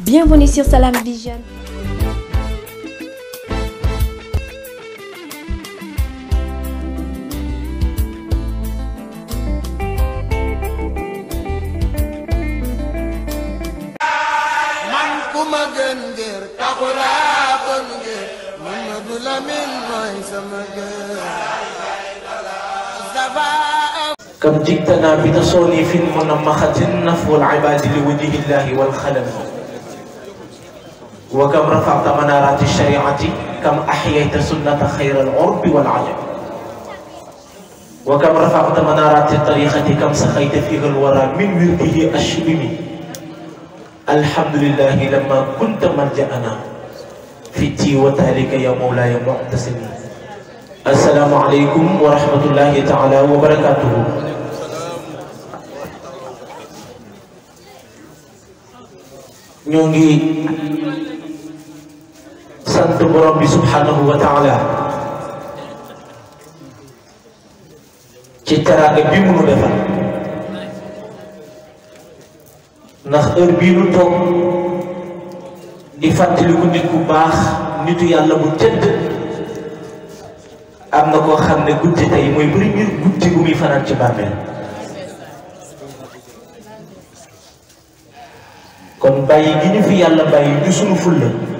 Bienvenue sur Salam Vision. كم جئتنا بتصونيف منمخة نفو العباد لوجه الله والخلف wa kam rafata manarati shariati kam axyayta sunnata xayra al urbi wal ajab wa kam rafata manarati tariqati kam saxayta fiha al wara min wirdihi ashlimi alhamdulilahi lama kunta maljaana fitii wa taalika ya mawlaaya muctasimi assalaamu aleykum wa rahmatullahi taala wa barakatuhu ñoo ngi sant borom bi subhanahu wa taala ci teraanga bi mu nu defal ndax heure bii nu toog di fàttaliku nit ku baax nitu yàlla bu tëdd am na koo xam ne guddi tey mooy premier guddi bu muy fanaan ci bàmmeel kon bàyyi gi ñu fi yàlla bàyyi du sunu fulla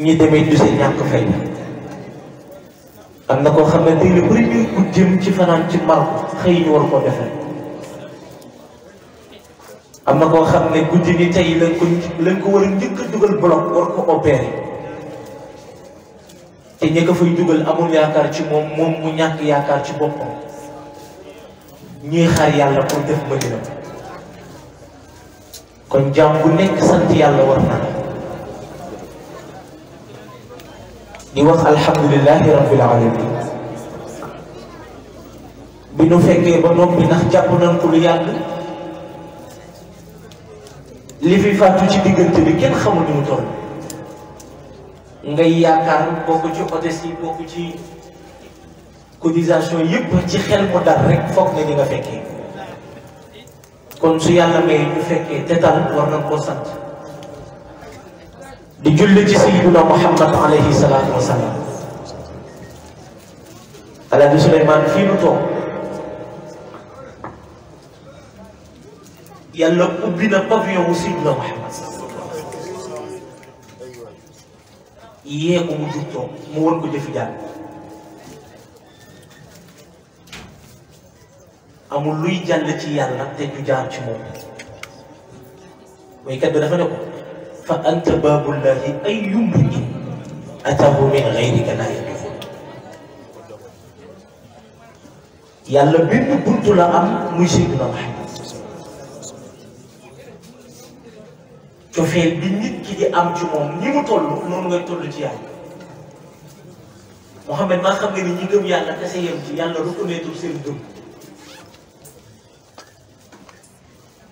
ñi demee du seen ñàkk fay am na koo xam ne tey lu bëri ñuy ku jëm ci fanaan ci mar xëy ñu war koo defee am na koo xam ne guddi ni tey lañ ko lañ ko war a njëkk a dugal bloc war ko opéré te ña ko fay dugal amul yaakaar ci moom moom mu ñàkk yaakaar ci boppam ñuy xaar yàlla pour def madina kon jaam bu nekk sant yàlla war na di wax alhamdulilahi rabbil alamin bi nu fekkee ba noppi ndax jàpp nañ ko lu yàgg li fi fàttu ci diggante bi kenn xamul ni ngay yaakaar bokk ci hôtesse yi bokk ci cotisation yëpp ci xel mu dal rek foog ni nga fekkee kon su yàlla may ñu fekkee te tal war nañ koo sant di julli ci sayyiduna muhammad alayhi salaatu wa fii nu toog yàlla ubbi na pavillon wu mu war ko jëfi jàng amul luy jàll ci yàlla te ju jaar ci moom waykat bi dafa fa anta baabullahi ay yumri atahu min gayrika laa yadxul yàlla benn buntu la am muy Seydina Muhammad cofeel bi nit ki di am ci moom ni mu toll noonu ngay toll ci yàlla Muhammad maa xam nga ni ñi gëm yàlla kese yem ci yàlla reconnaître seen gëm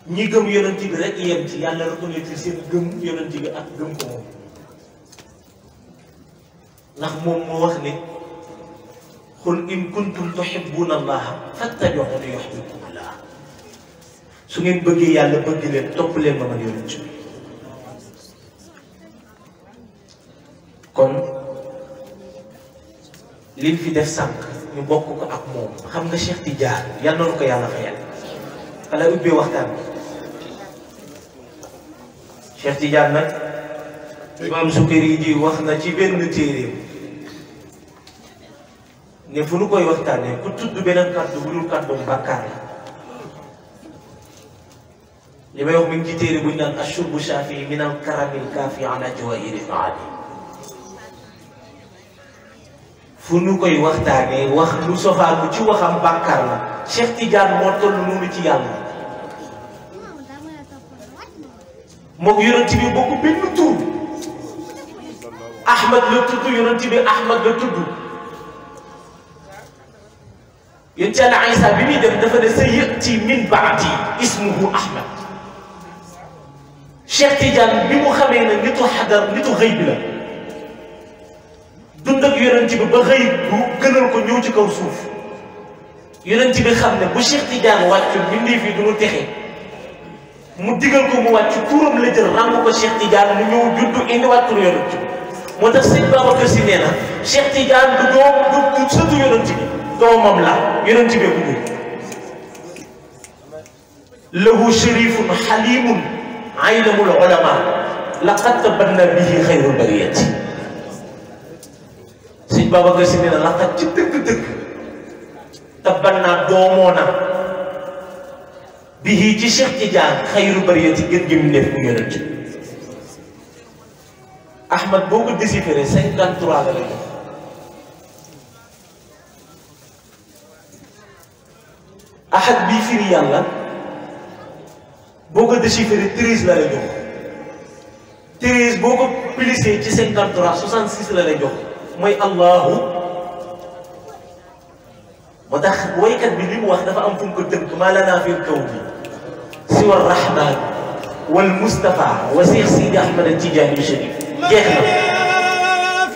ñi gëm yonent bi rek yem ci yàlla reconnaître seen gëm yonent bi ak gëm ko moom ndax moom moo wax ne qul in kuntum tuhibbuna allaha fattabi'uni yuhbibkum allah su ngeen bëggee yàlla bëgg leen leen ma man yonent bi kon liñ fi def sànq ñu bokk ko ak moom xam nga Cheikh Tidiane yal na ko yàlla fayal ala ubbee waxtaan bi Cheikh Tidiane nag imaam Sukari ji wax na ci benn téeréem ne fu nu koy waxtaanee ku tudd beneen kàddu bu dul kàddu bàkkaar la li may wax mi ngi ci téere bu ñu naan ashurbu shaafi fu nu koy waxtaanee wax lu sofaagu ci waxam bàkkaar la Cheikh Tidiane moo toll noonu ci yàlla moom yonent bi bokk benn tur ahmad la tudd yonent bi ahmad la tudd yonent yàlla bi muy def dafa ne sa yëtti min baadi ismuhu bi mu xamee ne nitu xadar nitu xëy bi la dund ak yonent bi ba xëy ko ñëw ci kaw suuf yonent bi xam ne bu Cheikh Tidiane wàccu mbindéef yi du ñu texe mu digal ko mu wàcc turam la jël ràmb ko Cheikh Tidiane mu ñëw juddu indiwaat tur yonent bi moo tax sëñ Babacar Si nee na Cheikh Tidiane doom du sëtu yonent bi doomam la yonent bi ku jur lahu sharifun xalimun aynamul ulama laqad tabanna bihi xayrul bariyati sëñ Babacar Si nee na laqad ci dëgg-dëgg tabanna doomoo bii ci Cheikh Tidiane xayru bariyati gën gi mu nekk mu yonent ci Ahmad boo ko déchiffré 53 la lay def ahad bii firi yàlla boo ko déchiffré 13 la lay jox 13 boo ko plissé ci 53 66 la lay jox mooy Allahu moo tax waykat bi li mu wax dafa am fu ko dënk maa la fil kaw bi. siwa rahman wal Mustafa wa Cheikh Sidi Ahmed Tidiane Chérif jeex na.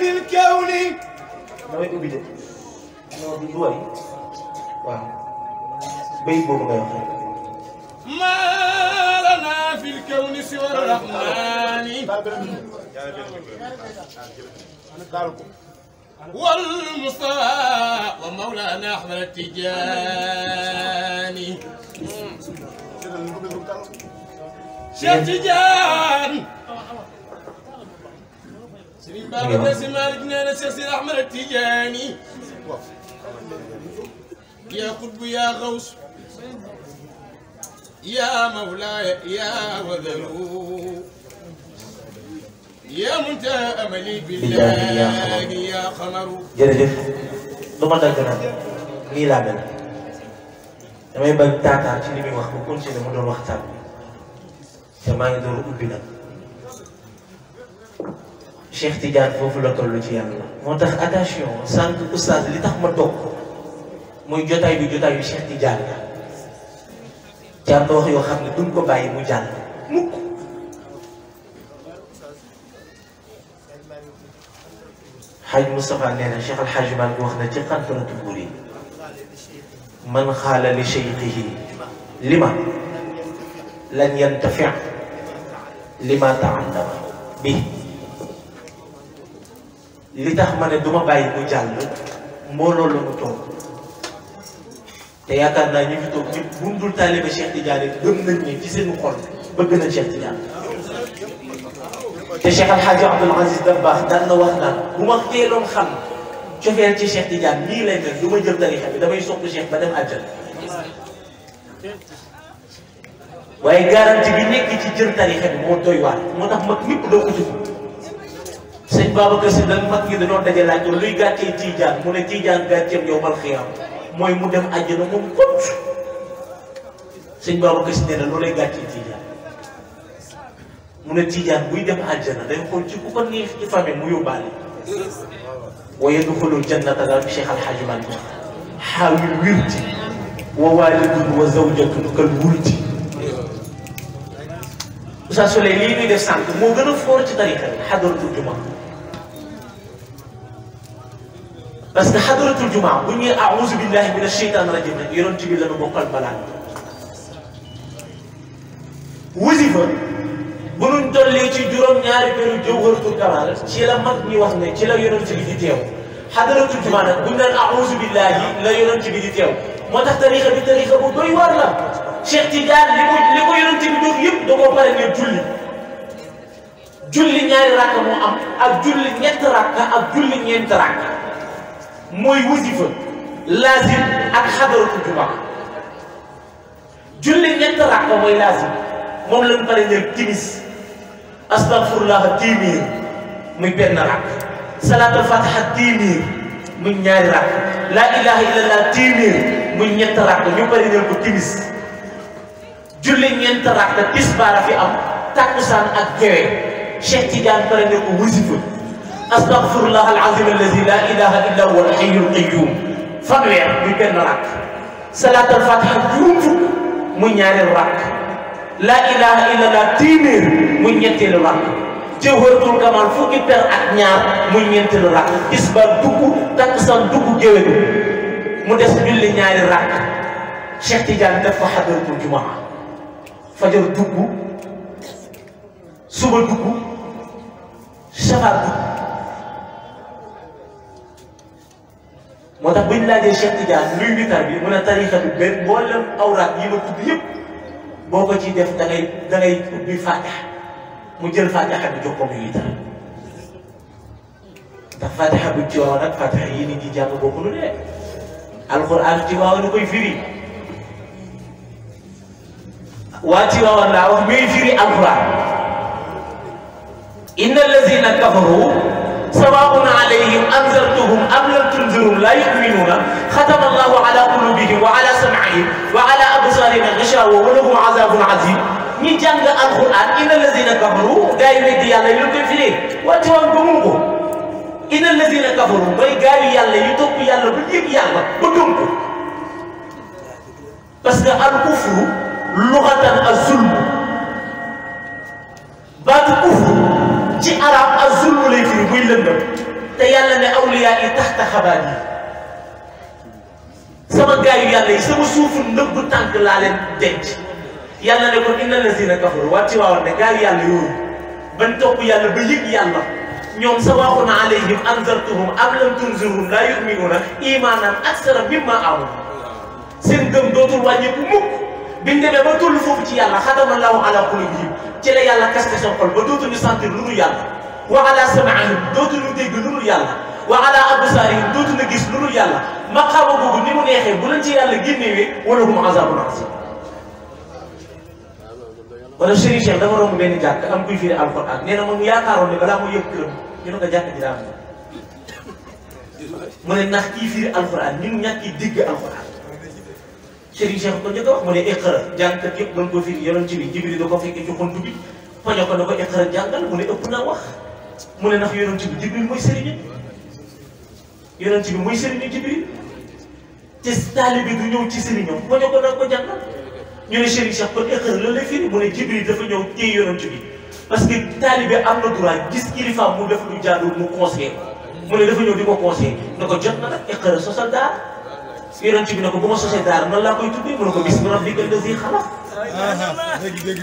damay ubbi de non du du waay waaw béy boobu ngay wax rek. والمصطفى ومولانا احمد التجاني Cheikh Tidiane Serigne Babacar Sy Malick nee na Cheikh Sidi Ahmed Tidiane yaa xutbu yaa xaws yaa mawlaaya yaa wadalu yaa muntaha amali billahi yaa xamaru jërëjëf du ma dagg nag nii laa mel damay bañ taataan ci li muy wax bu continuer mu doon waxtaan bi te maa ngi door ubbi nag Cheikh Tidiane foofu la toll ci yàlla moo tax attention sànq oustaz li tax ma toog muy jotaay bi jotaay bi Cheikh Tidiane la yoo xam ne duñ ko bàyyi mu jàll mukk xaj Moustapha nee na Cheikh Al Hadj Malick wax na ci xantaratu buur yi man xaala li cheikhihi lima lan yantafi lima taallama bi li tax ma ne du ma bàyyi mu jàll mbooloo la mu toog te yaakaar naa ñu ngi toog ñëpp bu mu dul taalibe Cheikh Tidiane gëm nañ ni ci seen xol bëgg na Cheikh Tidiane te Cheikh Al Hadj Abdoul Aziz Dabakh daan na wax naan bu ma teeloon xam. cofeel ci Cheikh Tidiane lii lay du ma jël tarixa bi damay sopp Cheikh ba dem àjjana waaye garanti bi nekk ci jël tarixa bi moo doy waar moo tax mag ñëpp doo ko jëf sëñ Si dañoo daje laaj ko luy gàccee Tidiane mu ne Tidiane gàcceem yow mal xiyaam mu dem àjjana moom kot sëñ Babacar Si nee na loolay gàccee Tidiane mu ne Tidiane buy dem àjjana day xool ci ku ko neex ci famille mu yóbbaale wa yadxulu jannata daal Cheikh Al Hadj Malick xaawil wirti wa waalidun wa zawjatun kal wulti Oustaz Souley lii ñuy def sànq moo gën a foor ci tariqa bi xadaratul juma parce que xadaratul juma bu ñuy aouzu billahi min asheytan rajim rek yonent bi la nu bokkal balaa wasifa mënuñ tollee ci juróom-ñaari këru jawharatul kamaal ci la mag ñi wax ne ci la yonent bi di teew xadaratul jumaa nag buñ naan auzu billahi la yonent bi di teew moo tax tarixa bi tarixa bu doy war la Cheikh Tidiane li ko li ko yonent bi doon yëpp da koo pare ne julli julli ñaari rakk moo am ak julli ñett rakk ak julli ñeent rakk mooy wasifa lazim ak xadaratul jumaa julli ñett rakk mooy lazim moom lañ pare ne timis astafurlah téeméer muy benn rakk salaatul fatiha téeméer muy ñaari rakk laa ilaha illallah téeméer muy ñett rakk ñu bëri leen ko timis fi am takkusaan ak gewe Cheikh Tidiane bëri leen ko wasifa astafurlah alazim alladi laa ilaha illa huwa alxayyul qayyum fanweer muy benn rakk salaatul fatiha juróom fukk muy ñaari rakk laa ilaha illallah téeméer muy ñetteelu rakk jawharatul kamal fukki per ak ñaar muy ñeenteelu rakk isbal dugg takkusaan dugg géwél mu des julli ñaari rakk Cheikh Tidiane def fa xadaratul jumaa fajar dugg suba dugg safaar dugg moo tax bu ñu laajee Cheikh Tidiane luy witar mu ne tarixa bi benn mboolem awraat yi ma tudd yëpp boo ko def da ngay da ngay ubbi fatiha mu jël fatiha bi jox ko muy witar ndax fatiha bu ci waawoon ak fatiha yi nit ñi jàng bokkul de alquran ci firi waa ci waawoon laa wax muy firi alquran inna allazina kafaru سواء عليهم أنذرتهم أم لم تنذرهم لا يؤمنون ختم الله على قلوبهم وعلى سمعهم وعلى أبصارهم غشاوة ولهم عذاب عظيم ñi jàng alquran inna lazina kafaru gaa yi weddi yàlla yi lu koy firee wante woon gëmul ko inna lazina kafaru mooy gaa yu yàlla yu topp yàlla bu yëg yàlla ba gëm ko parce que al kufru luxatan azulm baatu kufru ci arab azulm lëndëm te yàlla ne awliyaa yi taxta xabaar yi sama gaayu yàlla yi sama suufu nëbb tànk laa leen denc yàlla ne kon inna lazina kafaru waat ci waawoon ne gaayu yàlla yooyu ban topp yàlla ba yëg yàlla ñoom sawaxun alayhim anzartuhum am lam tunzirhum laa yuminuuna imaanan aksara mimma amu seen gëm dootul wàññeeku mukk biñ demee ba tollu foofu ci yàlla xadama laahu ala qulubihim ci la yàlla kaste seen xol ba dootuñu sentir lu dul yàlla wa ala samaihim dootuñu dégg lu dul yàlla wa ala absaarihim dootuñu gis lu dul yàlla maqaama googu ni mu neexee bu leen ci yàlla génnewee wala hum azabun azim wala Serigne Cheikh dafa romb benn jàkk am kuy firi alxuraan nee na moom yaakaaroon ne balaa muy yëpp këram ñu mu ne ndax kii firi alxuraan ni mu ñàkk dégg alxuraan Serigne Cheikh ko njëkk a wax mu ne iqra jàngkat yëpp ko firi yenoon ci bi Jibril da ko fekkee ci xontu bi poño ko ne ko iqra jàngal mu ne ndax yonent bi jibril mooy sëriñam yonent bi mooy sëriñu jibril te taali bi du ñëw ci sëriñam ba ne ko nag ko jàngal ñu ne sëriñ Cheikh kon école loolu firi mu ne jibril dafa ñëw téye yonent bi parce que taalibe am na droit gis kilifa mu def lu jaadu mu conseillé mu ne dafa ñëw di ko conseillé na ko jot na nag iqra sosal daar yonent bi ne ko bu ma sosee daar nan laa koy tuddee mu ne ko bis mu rafetlu gën a xalaat. ah ah dégg dégg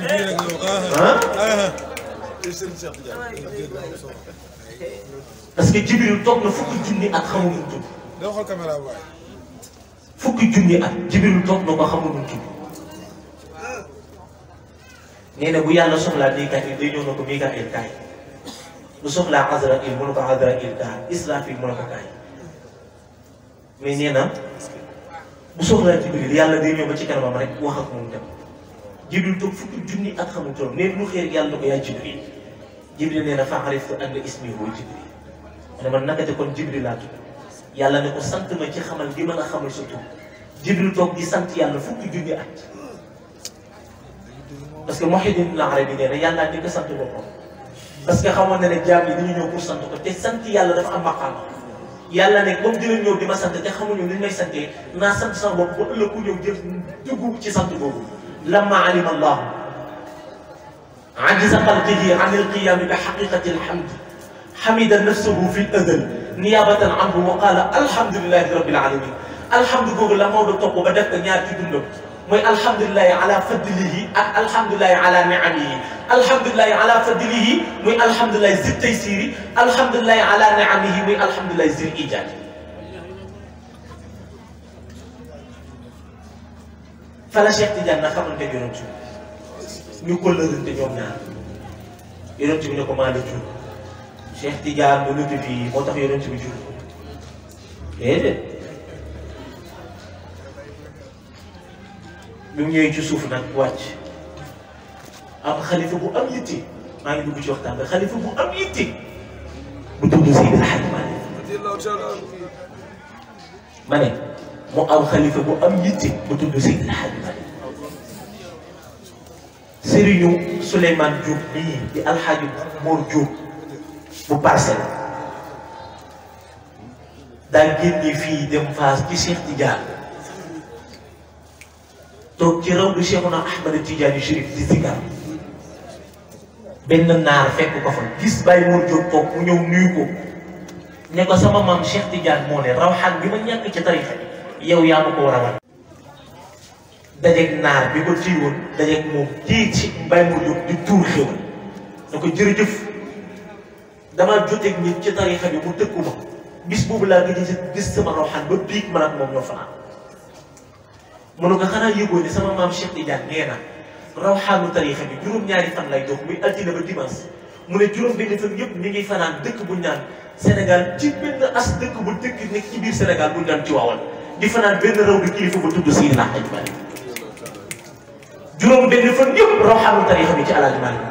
parce que Jibril toog na fukki junni ak xamul lu tudd. doo xool caméra waay. fukki junni ak Jibril na ko xamul lu tudd. nee na bu yàlla soxlaa béykat yi day ñëw na ko béykat yi kaay bu mu ne ko Azraïl kaay Israfil mu ne ko kaay mais nee bu soxlaa Jibril yàlla day ñëw ba ci kanamam rek wax ak moom dem Jibril toog fukki junni ak xamul turam nee na lu yàlla na ko yaa Jibril jibril nee na fa ariftu ak nga ismi huwa jibril mu man naka te kon jibril laa tudd yàlla ne ko sant ma ci xamal gi mën a xamal sa tur jibril toog di sant yàlla fukki junni at parce que Muhyiddin Arabi nee na yàlla di ko sant boppam parce que xamoon na ne jaam yi dañu ñëw sant ko te sant yàlla dafa am maqaam yàlla ne comme dina ñëw di ma sant te xamuñu li may santee naa sant sama bopp ba ëllëg ku ñëw jël dugg ci sant boobu lamma alima allahu ajiza qalbihi an alqiyami bi xaqiqati alhamdi xamida nafsuhu fi ladan niyabatan anhu wa qala alhamdulilahi rabbil alamin alhamdu googu la Maodo topp ba def ko ñaar ci dundam mooy alhamdulilahi ala fadlihi ak alhamdulilahi ala niamihi alhamdulilahi ala fadlihi muy alhamdulilahi zil taysiri alhamdulilahi ala niamihi muy alhamdulilahi zil ijaadi fa la Cheikh Tidiane na xamante yonent ñu kóllërante ñoom ñaar yonent bi ne ko maa jur Cheikh Tidiane mu lutti fii moo tax yonent bi jur déedéet bi mu ñëwee ci suuf nag wàcc am xalifa bu am yitti maa ngi dugg ci waxtaan bi xalifa bu am yitti bu tudd Seydi Hadj Malick ma mu am xalifa bu am yitti bu tudd Seydi Hadj Malick sëriñu Souleymane Diop nii di alxaaji Mor Diop bu parcelle daa génne fii dem Fass ci Cheikh Tidiane toog ci raw du Cheikhuna Ahmada Tidiane Chérif di zikkar benn naar fekk ko fa gis Baye Mor Diop toog mu ñëw nuyu ko ne ko sama maam Cheikh Tidiane moo ne rawxaan bi ma ñàkk ci tarixa yow yaa ma ko war dajeeg naar bi ko ji woon dajeeg moom ji ci mbay mu jóg di tuur xéwal da ko jërëjëf damaa joteeg nit ci tarixa bi mu tëkku ma bis boobu laa gëj a gis sama roxaan ba biig man moom ñoo fanaan mu ne ko xanaa yëgoo ne sama maam Cheikh Tidiane nee na rawxaanu tarixa bi juróom-ñaari fan lay dox muy altine ba dimanche mu ne juróom-benn fan yëpp ñu ngi fanaan dëkk bu ñaan senegal ci benn as dëkk bu dëkk nekk ci biir Sénégal bu ñaan ci waawal di fanaan benn raw di juróom benn fan yëpp roxaanu tarixa bi ci alaaji Malick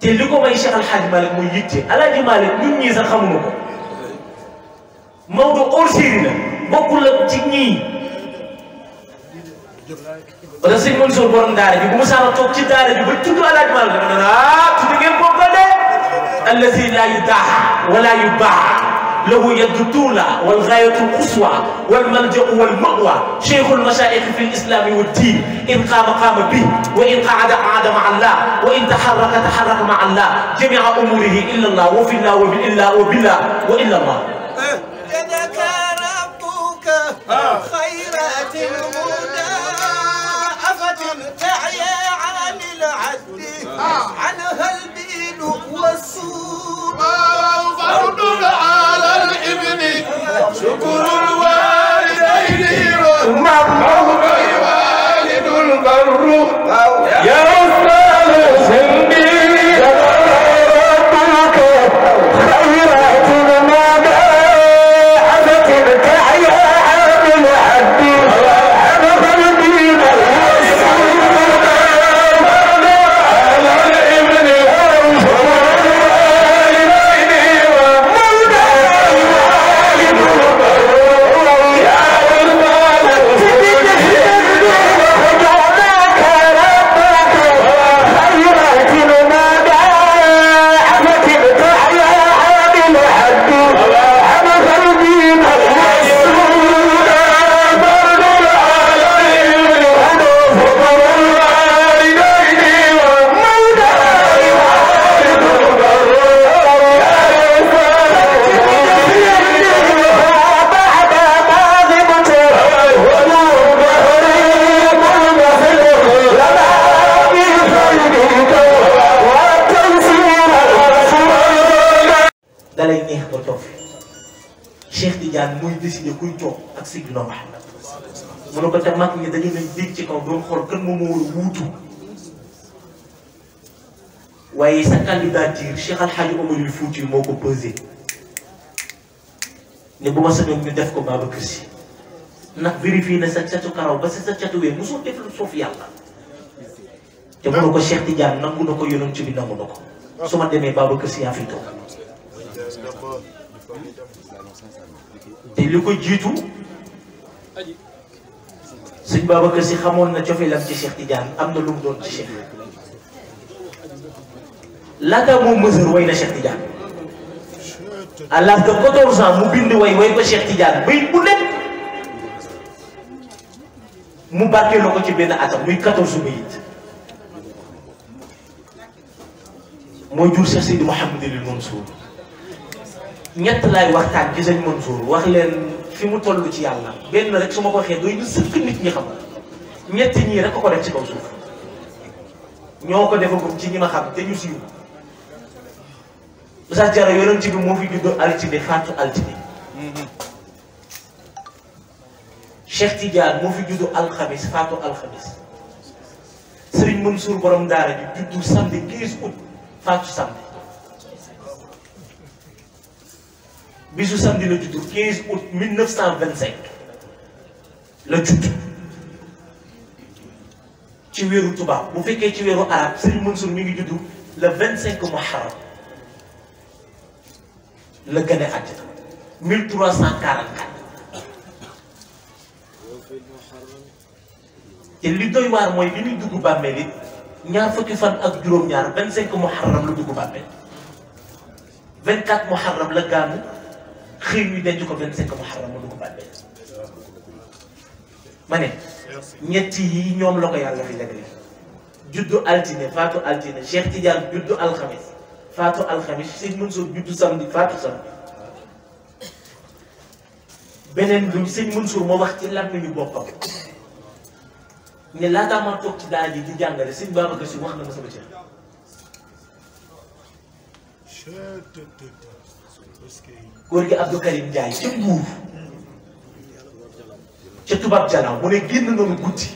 te li ko may Cheikh Alhaaji Malick mooy yitte alaaji Malick ñun ñii sax xamuñu ko Maodo hors série la bokkul ak ci ñii wala sëñ Mansour borom daara ji bu mu saana toog ci daara ji ba tudd alaaji Malick dama naan ah tudd ngeen bokkal de allazi laa yu daax wala yu baax له يد الدولة والغاية القصوى والملجأ والمأوى شيخ المشايخ في الإسلام والدين إن قام قام به وإن قعد قعد مع الله وإن تحرك تحرك مع الله جميع أموره إلا الله وفي الله وبالله وبالله وإلا الله كذاك ربك خيرات المنى أفتنتعي عن العدل عنها البين والسوء فرد العالم يا muy désigné kuy toog ak Seydina Muhammad mu ne ko te mag ñi dañu nañ dégg ci kaw doon xool kan moom moo war a wuutu waaye sa candidature Cheikh Al Hadj Omarul Fouti moo ko pesé ne bu ma sañoon ñu def ko Babacar Sy ndax na sa catu karaw ba sa sa catu wéer mosoo def lu suuf yàlla te mu a ko Cheikh Tidiane nangu na ko yonent bi nangu na ko su ma demee Babacar Sy yaa fi toog te li ko jiitu sëñ Babacar si xamoon na cofeelam ci Cheikh Tidiane am na lu mu doon ci Cheikh laata moom mësër way na Cheikh Tidiane à l'âge de 14 mu bind way way ko Cheikh Tidiane bay bu nekk mu barkeeloo ko ci benn atam muy 14 bayit moo jur Cheikh Sidi Mouhamadul Mansour ñett laay waxtaan ci sëñ Mansour wax leen fi mu toll ci yàlla benn rek su ma ko waxee doy na sëkk nit ñi xam ñett ñii rek ko ko def ci kaw suuf ñoo ko defagum ci ñi ma xam te ñu siiw Oustaz Diarra yonent bi moo fi juddoo altine faatu altine Cheikh moo fi juddu alxamis faatu alxamis Serigne Mansour borom daara ji juddu samedi 15 août faatu samedi bisu samedi la juddu 15 août 1925 la judd ci weeru tubaab bu fekkee ci weeru arab Serigne Mansour mi ngi juddu le 25 muharram la gane àddina 1344 te li doy waar mooy li muy dugg bàmmeel it ñaar fukki fan ak juróom-ñaar 25 muharram la dugg bàmmeel 24 muharram la gàmmu xëy ñu denc ko 25 muharram mu dugg baat benn ma ne ñetti yi ñoom la ko yàlla fi jagle juddu altine faatu altine Cheikh Tidiane juddu alxamis faatu alxamis Cheikh Mansour juddu samedi faatu samedi beneen bi Sëñ Mansour moo wax ci làmmiñu boppam ne laataa ma toog ci daal ji di jàngale Sëñ Babacar Si wax na ma sama cër góor gi Abdou Karim Ndiaye ca Mbuur ca tubaab jalaaw mu ne génn noonu guddi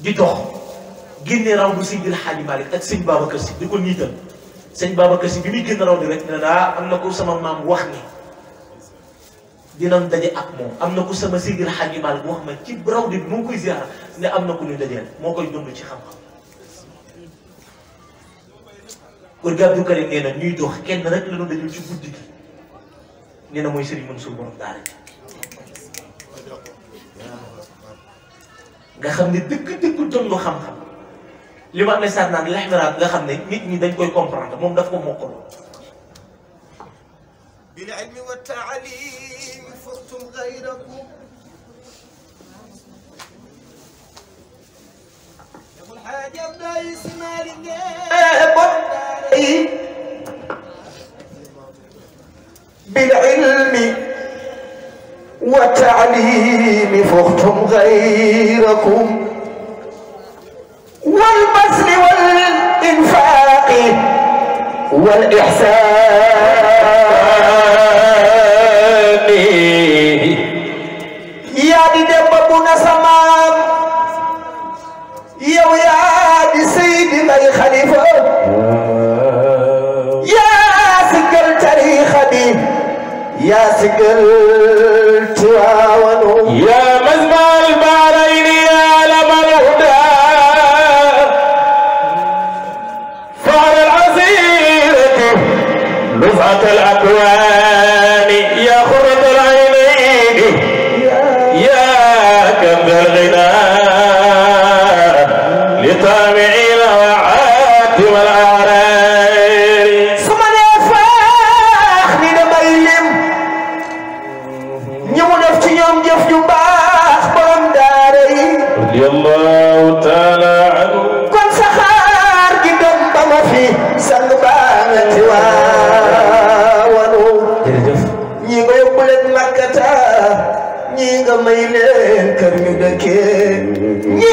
di dox génne raw bi sëñ bi El Hadj Malick ak sëñ Babacar bi muy génn raw bi rek ne daa am na ko sama maam wax ni dinañ daje ak moom am na ko sama sëñ El Hadj Malick wax ma ci raw bi mu koy ziara ne am na ko ñu dajeel moo koy dund ci xam-xam kër gi Abdou Karim nee na ñuy dox kenn rek la ñu dajul ci guddi gi nee na mooy Serigne Mansour borom daara ji nga xam ne dëgg dëgg doon lu xam-xam li ma amee sax naan lexmiraat nga xam ne nit ñi dañ koy comprendre moom daf ko mokkal. bil ilmi wa taalim fostum gayrakum بالعلم والتعليم فختم غيركم والبذل والإنفاق والإحسان يا سقل تواون يا مزمع البحرين يا لم الهدى فعل العزيرة نزعة الأكوان يا خرة العينين يا كم الغنى لطامعين radiyallahu taala anhu kon saxaar gi doon ma fi sang baana ci waawanu jërëjëf ñi nga makkata ñi nga may leen kër ñu dëkkee ñi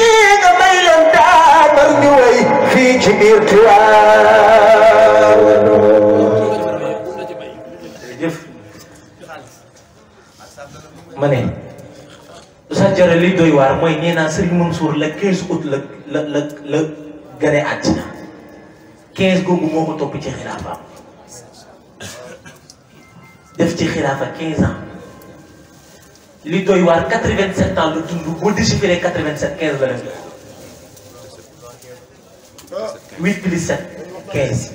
way fii ci biir Tiwaawan tax jara li doy waar mooy nee naa Serigne Mansour la 15 août la la la la àddina 15 googu moo ko topp ci xilaafaam def ci xilaafa 15 ans li doy waar 87 ans la dund boo déchiffré 87 15 la def 8 plus 7 15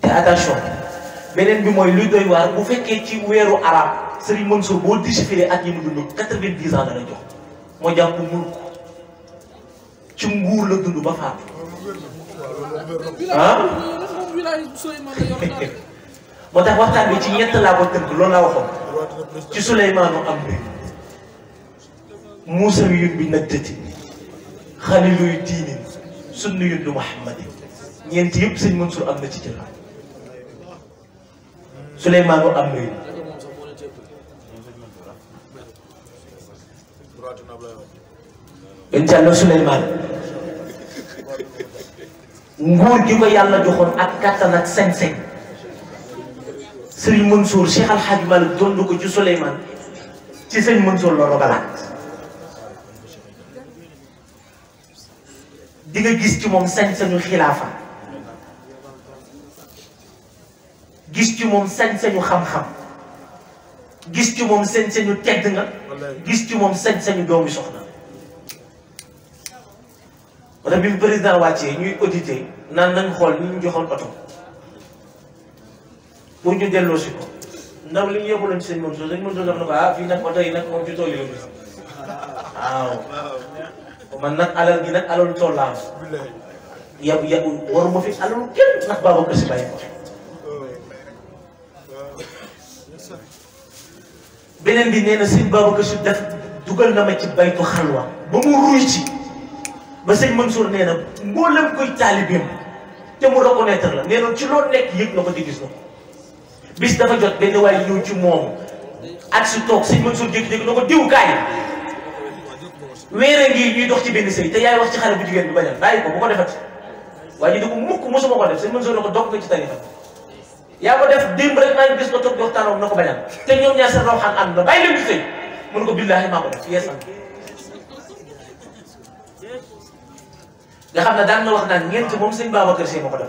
te attention. beneen bi mooy luy doy waar bu fekkee ci weeru arab Serigne Mansour boo déchiffré ak yi mu dund quatre-vingt-dix ans jox moo jàpp mur ko ci nguur la dund ba ci ñett laa ko tënk loolu ci Souleymane am bi Moussa yun bi najdati xaliluy diinin sunni yun du Muhammadin ñeenti yëpp Serigne Mansour am na ci jëlaat Souleymane am nuyu incha allah Souleymane nguur gi ko yàlla joxoon ak kattan ak sañ-sañ Serigne Mansour Cheikh Al Hadj dondu ko ci Souleymane ci sëñ Mansour la rogalaat di nga gis ci moom sañ-sañu xilaafa. gis ci moom sañ-sañu xam-xam gis ci moom sañ-sañu tedd nga gis ci moom sañ-sañu doomi soxna wala bi mu président wàccee ñuy audité naan nañ xool ñu ñu joxoon oto pour ñu delloo si ko ndaw li ñu yóbbuloon ci seen moom soo seen moom soo def na ko ah fii nag oto yi nag moom ci tool yi la waaw man nag alal gi nag alalu tool laa am yab waruma fi alalu kenn ndax baaba ko si bàyyi beneen bi nee na sëñ Babacar Sy def dugal na ma ci baytu xalwa ba mu ruy ci ba sëñ Mansour nee na mboolem koy taalibeem te mu reconnaître la nee na ci loo nekk yëg na ko te gis na ko bis dafa jot benn waaye ñëw ci moom ak si toog sëñ Mansour jékki-jékki na ko diw kaay weere ngi ñuy dox ci benn sëy te yaay wax ci xale bu jigéen bi bañal bàyyi ko bu ko defati waaye ñu ne ko mukk mosuma ko def sëñ Mansour ne ko dog nga ci tarifa yaa ko def démb rek maa ngi gis ba toog na ko bañal te ñoom ñaar seen roxaan ànd na bàyyi leen di sëy mun ko billaahi maa ko def yeesal nga xam ne daan na wax naan ñeent moom sëñ Babacar Sy ma ko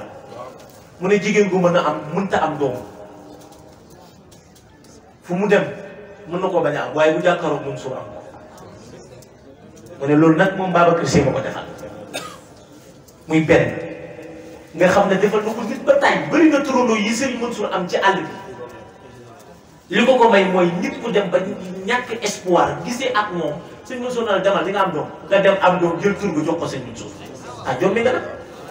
ne jigéen gu mën a am mënta am doom mu dem mën na koo bañ am waaye bu jàkkaaroo moom loolu nag moom Babacar ma ko defal muy benn nga xam ne defal na ko nit ba tàyyi bëri na turandoo yi sëriñ Mansour am ci àll bi li ko ko may mooy nit ku dem ba ñàkk espoir gisee ak moom sëriñ Mansour na la demal di nga am doom nga dem am doom jël tur nga jox ko sëriñ Mansour ah jom mi nga nag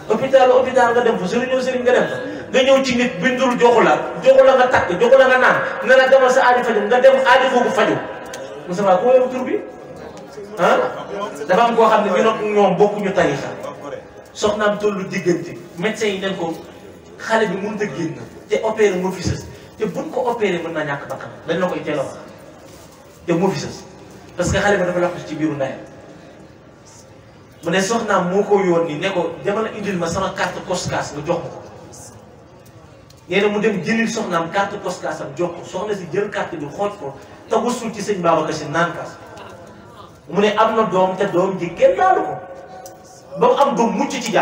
hôpital hôpital nga dem fa sëriñ ñëw sëriñ nga dem fa nga ñëw ci nit bindul joxu la joxu la nga takk joxu la nga naan ne la demal sa aadi faju nga dem aadi foofu faju Moussa Ba koo tur bi ah dafa am koo xam ne ñu ne ñoom bokkuñu tarixa soxnaam tollu diggante médecin yi nen ko xale bi mënut a génn te opéré moo fi te buñ ko opéré mën naa ñàkk bakkan dañ la koy teel a te moo fi parce que xale bi dafa laqatu ci biiru ndeyam mu ne soxnaam moo ko yoon ni ne ko demal indil ma sama carte coscas nga jox ma ko nee mu dem jëlil soxnaam carte coscas am jox ko soxna si jël carte bi xool ko tawasul ci sëñ Babacar Si naan kaas mu ne am na doom te doom ji kenn laalu ko ba mu am doom mucc ci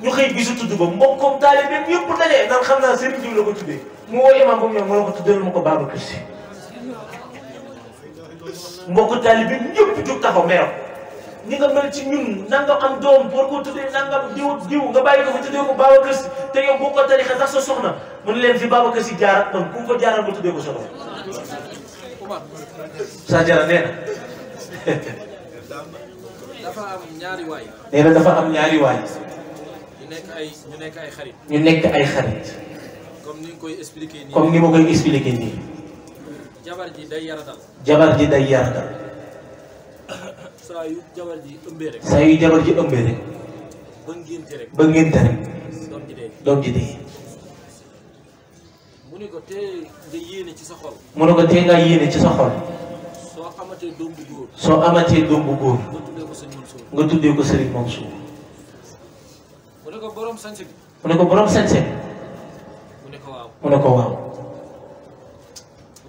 ñu xëy bisu tudd ba mbokkoom taalibeem yëpp dalee naan xam naa sëriñ diw la ko tuddee mu woo imam ba mu ñëw mu ne ko tuddal ma ko Babacar Sy mbokk taalibeem yëpp jug taxaw meew ni nga mel ci ñun nangam am doom ko tuddee nangam diw diw nga bàyyi ko fa tuddee ko Babacar Sy te yow boo ko tarixa sax sa soxna mu ne leen fi Babacar Sy jaarat kon ku ko jaaral ba tuddee ko soxna sa jara nee na nee na dafa am ñaari waay nekk ay ñu nekk ay xarit. ñu nekk ay comme ni nga koy expliquer comme ni ma koy expliquer nii. jabar ji day yaratal. jabar ji day yaratal. saa yu jabar ji ëmbee rek. saa ji ëmbee rek. ba ngénte rek. ba ngénte doom ji dee. mu ne ko tee nga yéene ci sa xol. mu ne ko tee nga yéene ci sa xol. soo amatee doom bu góor. soo nga tuddee ko Serigne Mansour. nga mu ne ko boroom sañse bi. mu ne ko borom sañse bi. mu ne ko waaw.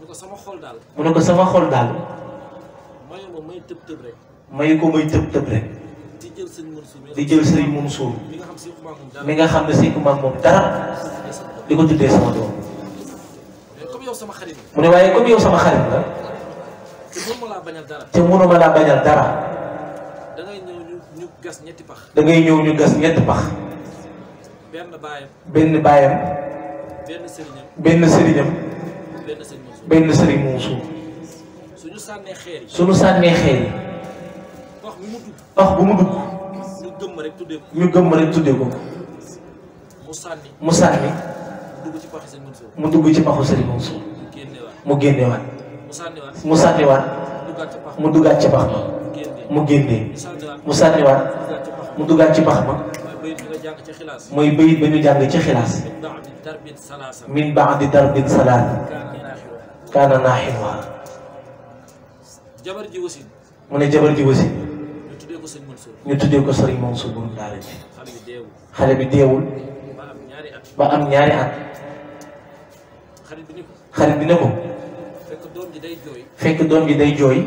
ko sama xol daal. mu ne ko sama xol daal. mayu ma may tëb tëb rek. mayu ko may tëb tëb rek. di jël sëriñ Mansour. di jël sëriñ Mansour. mi nga xam si kumaam moom ne si kumaam moom dara. di ko tuddee sama doom. comme yow sama xarit la. mu ne waaye comme yow sama xarit la. te mënu ma laa bañal dara. te mënu ma laa bañal dara. da ngay ñëw ñu gas ñetti pax. da ngay ñëw ñu gas ñetti pax. benn baayam benn baayam benn sëriñam benn sëriñam benn sëriñ Muusu suñu sànnee xeer yi suñu sànnee xeer pax bu mu dugg pax bu mu dugg ñu gëmm rek tuddee ko mu sànni mu dugg ci paxu sëriñ Muusu mu génnewaat mu sànniwaat mu duggaat ci pax ma mu génnee mu sànniwaat mu duggaat ci pax ma mooy bayit ba ñu jàng ci xilaas min baadi darbin salaat kaana naaxiwa jabar ji wasin mu ne jabar ji wasin ñu tuddee ko sëriñ Mansour bu daara ji xale bi deewul ba am ñaari at xarit bi ne ko fekk doom ji day jooy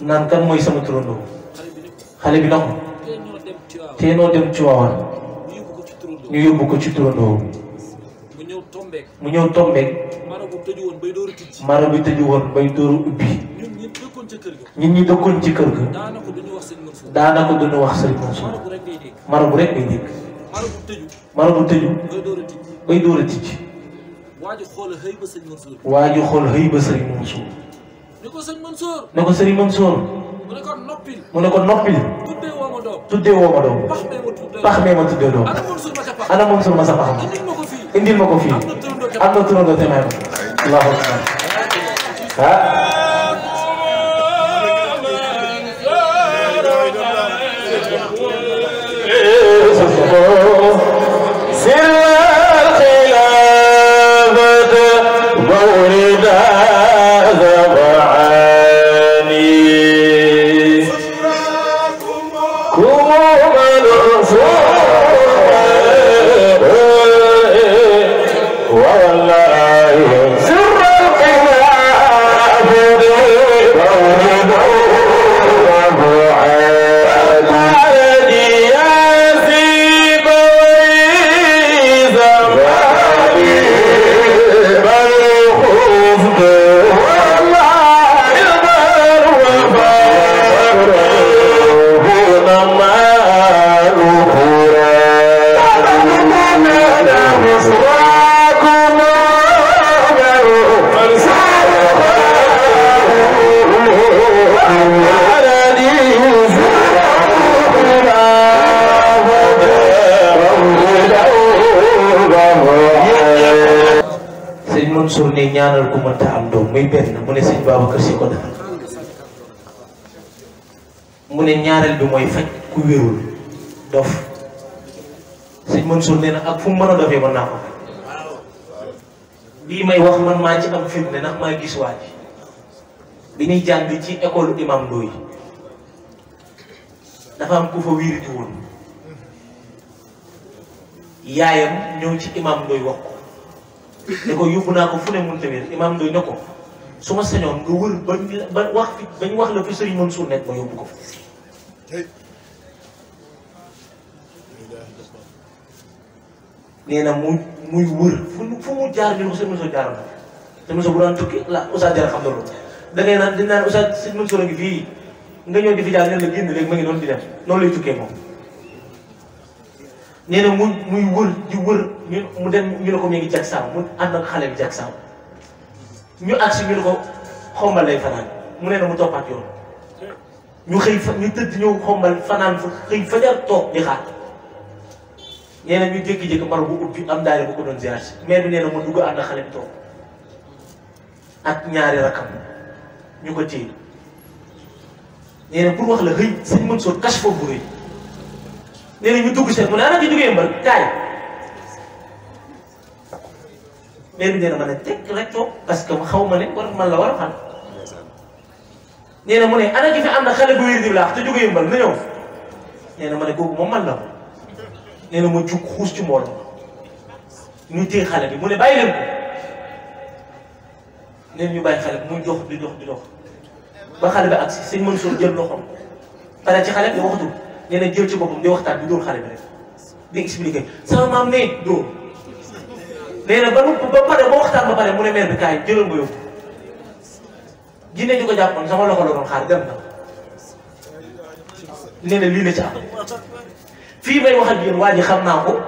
naan kan mooy sama turandoo bi ne te noo dem Tiwaawan ñu yóbbu ko ci turandoo mu ñëw tombeek mara bi tëju woon bay dóoru ubbi ñun ñi dëkkoon ci kër mara bu rek ngay dégg mara bu tëju a tijj waa ji xool xëy ba sëriñ Mansour ne ko sëriñ Mansour mu ne ko noppil mu ne ko noppil tuddee woo ma doom tuddee woo ma doom pax mee ma tuddee doom ana moom sur ma sa pax ma indil ma ko fii am na turandoo te may ma allahu akbar ah الرحمن الرحيم ñaanal ku mënta am doom muy benn mu ne sëñ Babacar Si ko daal mu ne ñaareel bi mooy faj ku wérul dof sëñ Mansour nee na ak fu mu mën a dofee mën naa ko faj lii may wax man maa ci am firnde ndax maa gis waa bi ñuy jàng ci école imam Ndoye dafa am ku fa wiiriti woon yaayam ñëw ci imam Ndoye wax ko ne ko naa ko fu ne mënta wér imaam Ndoye ne ko su ma sañoon nga wër ba wax fi bañ wax la fi sëriñ Mansour nekk ma yóbbu ko fa nee na mu muy wër fu fu mu jaar ñu ne ko sëriñ Mansour jaaral na sëriñ Mansour bu daan tukki la Oustaz Diarra xam na loolu da ngay naan di naan Oustaz sëriñ Mansour a ngi fii nga ñëw di jaar ne la génn léegi ma ngi doon di dem noonu lay tukkee moom nee na muy muy di wër mu dem ñu ne ko mi ngi jag saaw mu ànd ak xale bi jag saaw ñu agsi ñu ne ko xombal lay fanaan mu nee mu toppaat yoon ñu xëy fa ñu tëdd ñëw xombal fanaan fa xëy fajar toog di xaar nee na ñu jékki-jékki mbar bu ubbi am daale bu ko doon ziar si mais bi nee na mu dugg ànd ak xale bi toog ak ñaari rakam ñu ko téye nee na pour wax la xëy sëñ mën soon kas foofu rëy nee na ñu dugg seet mu ne ana ki jógee mbal kaay mère nee na ma rek toog parce que xaw ma ne war man la war a xam nee na mu ne ana ki fi am na xale bu wér di laax te jógee mbal na ñëw ma ne kooku moom man la ko nee na ma jug xuus ci mbooloo ñu téye xale bi mu ne bàyyi leen ko nee ñu bàyyi xale bi muy dox di dox di dox ba xale bi agsi sëñ Mansour jël loxoom pare ci xale bi waxatul nee jël ci boppam di waxtaan di dóor xale bi rek di expliqué sama maam ne dóor nee na ba nu ba pare ba waxtaan ba pare mu ne mère bi kaay jëlal ma yóbbu jinne ñu ko jàppoon sama loxo la doon xaar lii la ci fii may wax ak yéen waa xam naa ko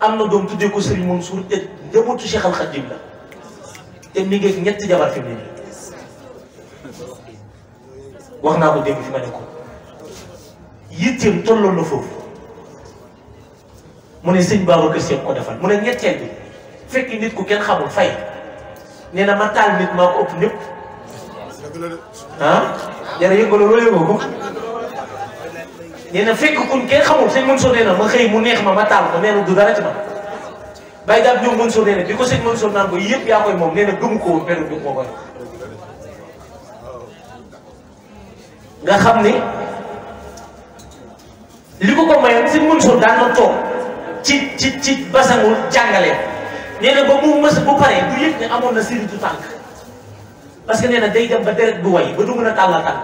am na doom tuddee ko Serigne Mansour te njabootu Cheikh Al Khadim la te mi ngi ñetti jabar fi ne wax naa ko dégg fi ne ko yitteem tolloon na foofu mu ne sëñ Babacar Seck ko defal mu ne ñetteel bi fekk nit ku kenn xamul fay nee na ma taal nit maa ko ëpp ñëpp ah yàlla ko nee na fekk kuñ kenn xamul sëñ Mansour nee na ma xëy mu neex ma ma taal ko nee na du dara ci ma bàyyi daal ñoom Mansour nee na bi ko sëñ Mansour naan ko yëpp yaa koy moom nee na ko woon benn nga xam ni. li ko ko mayoon si Mansour daan na toog ci ci ci basangul jàngale nee na ba mu mas bu paree du yëg amoon na sëriñ du tànk parce que nee na day dem ba deret bu way ba du mën a tàllal tànk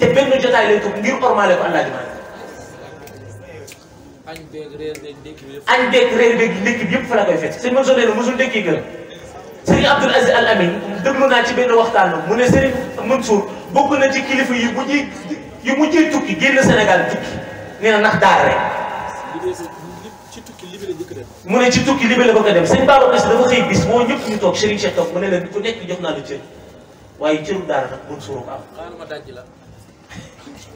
te benn jotaay lay toog ngir ormale ko àllaaji añ beeg réer beeg ndékki bi yëpp. añ beeg réer beeg ndékki bi yëpp fa la koy fekk sëñ Mansour nee na mosul ndékki gën sëriñ Abdoul Aziz Al Amin déglu naa ci benn waxtaanam mu ne sëriñ Mansour bokk na ci kilifa yi yu mujjee tukki génn senegal tukki. nee na nax daara rek. ci tukki libi la jëkk dem. mu ne ci tukki libi la bëgg a dem sëñ Babacar Sy dafa xëy bis moo ñëpp ñu toog Serigne Cheikh toog mu ne leen ku nekk jox naa la cër waaye cëru daara nag bon suuru ko am. la.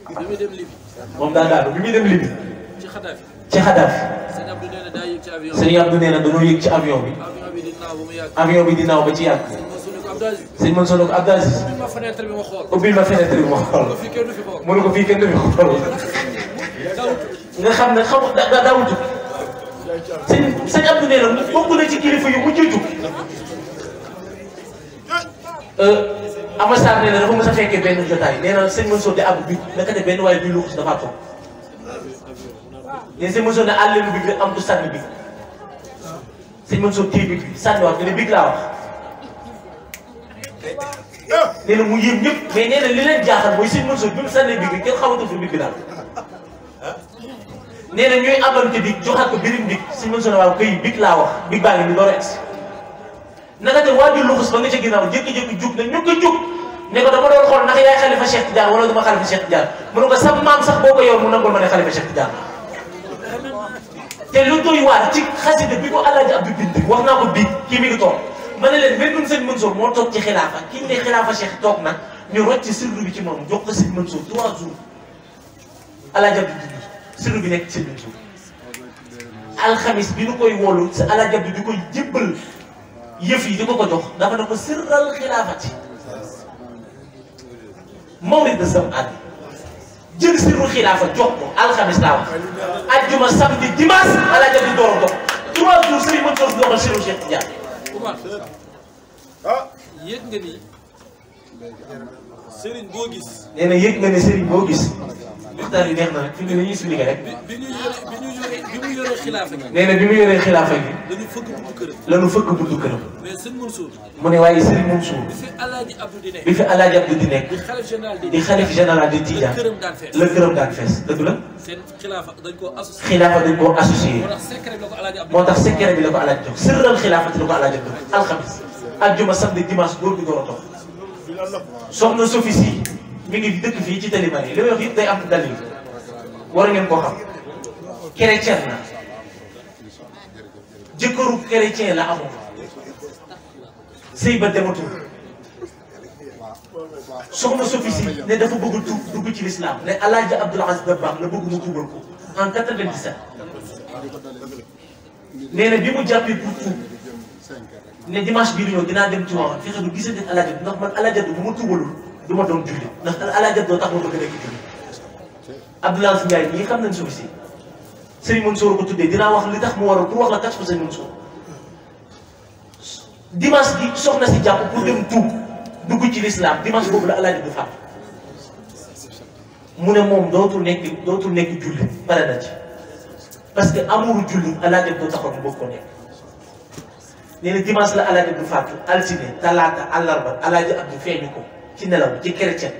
bi muy dem libi. moom daal daal muy dem libi. ci xadaaf. ci xadaaf. sëñ Abdou nee na daa yëg ci avion bi. sëñ na dañoo yëg ci avion bi. bi di naaw ba mu ba ci yàgg. sëñ Mansour ne ko Abdou Aziz. ubbil ma fenêtre bi ma mu ne ko fii kenn du fi xool. nga xam ne xaw da daawul jug sëñ sëñ Abdou nee na bokk na ci kilifa yu mujj a jug euh, Amathane nee na dafa mos a fekkee benn jotaay nee na sëñ Mansour di àgg bi naka ne benn waaye bii lu ko si dafa toog nee sëñ Mansour ne àlleelu bi nga am du sànni bi sëñ Mansour téye bi sànni wax ne big laa wax. nee na mu yéem ñëpp mais nee na li leen jaaxal mooy sëñ Mansour bi mu sànnee bi kenn xamatul fi bi daal. nee na ñooy abante bi joxaat ko birim bi suñ mën sona waaw këy big laa wax big baa ngi ni door a egsi naka te waa ji luxus ba nga ca ginnaaw jékki-jékki jug na ñu ko jug dama doon xool ndax yaay xalifa Cheikh Tidiane wala duma xalifa Cheikh Tidiane mu ne ko sa te lu doy waar ci xasida bi ko alaaji bi bind wax naa ko bii kii mi ngi toog ma ne leen benn sëñ Mansour moo toog ci xilaafa ki ne xilaafa Cheikh toog na ñu rocc sirru bi ci moom jox ko sëñ Mansour trois jours alaaji bi sëñ bi nekk ci alxamis bi nu koy wóolu sa alajab bi di koy jébbal yëf di ko ko jox dafa ne ko sirral xilaafati mawrid sam at jël sirru xilaafa jox alxamis laa wax ajjuma samedi dimanche alajab bi door jox trois jours sëriñ mën soos doxal sirru Cheikh Tidiane ah yëg nga ni sëriñ waxtaan wi neex na rek fi mu ne nii suñu liggéey rek. bi bi ñu yore bi mu yore xilaafa gi. nee na bi mu yore xilaafa gi. lañu fëgg buntu këram. lañu fëgg buntu këram. mais sëñ Mansour. mu ne waaye sëñ Mansour. bi fi El Hadj Abdou di nekk. bi fi El Hadj Abdou di nekk. di xalif général di di xalif général di Tidjane. la këram daan fees la këram daan fees dëgg la. seen xilaafa dañ koo associé. xilaafa dañ koo associé. moo tax secret bi la ko El Hadj jox sirral xilaafa te la ko El Hadj jox alxamis ajjuma samedi dimanche góor bi door a toog soxna Sophie si mu ngi dëkk fii ci Talimani li wax yëpp day am dalil war ngeen koo xam chrétien na jëkkëru chrétien la amoon sëy ba dematul soxna Sophie si ne dafa bëgg a dugg ci lislaam ne Alaaji Abdul Aziz Dabakh la bëgg mu tuubal ko en 97 nee na bi mu jàppee pour tuub ne dimanche bii di ñëw dinaa dem ci waaw fexe du gisante Alaaji ndax man Alaaji du ma tuubalul du ma doon julli ndax alaajab doo tax ma bëgg nekk julli Abdoulaye Ndiaye ñii xam nañ suuf si sëñ Mansour ko tuddee dinaa wax li tax mu waral pour wax la kat fa sëñ Mansour dimanche bi soxna si jàpp pour dem tuub dugg ci lislaam dimanche boobu la alaajab du faat mu ne moom dootul nekk doo dootul nekk julli pare na ci parce que amuru julli alaajab doo taxaw mu nekk nee na dimanche la alaajab du faatu altine talaata àllarba alaajab du feeñu ko ci nelaw ci chrétien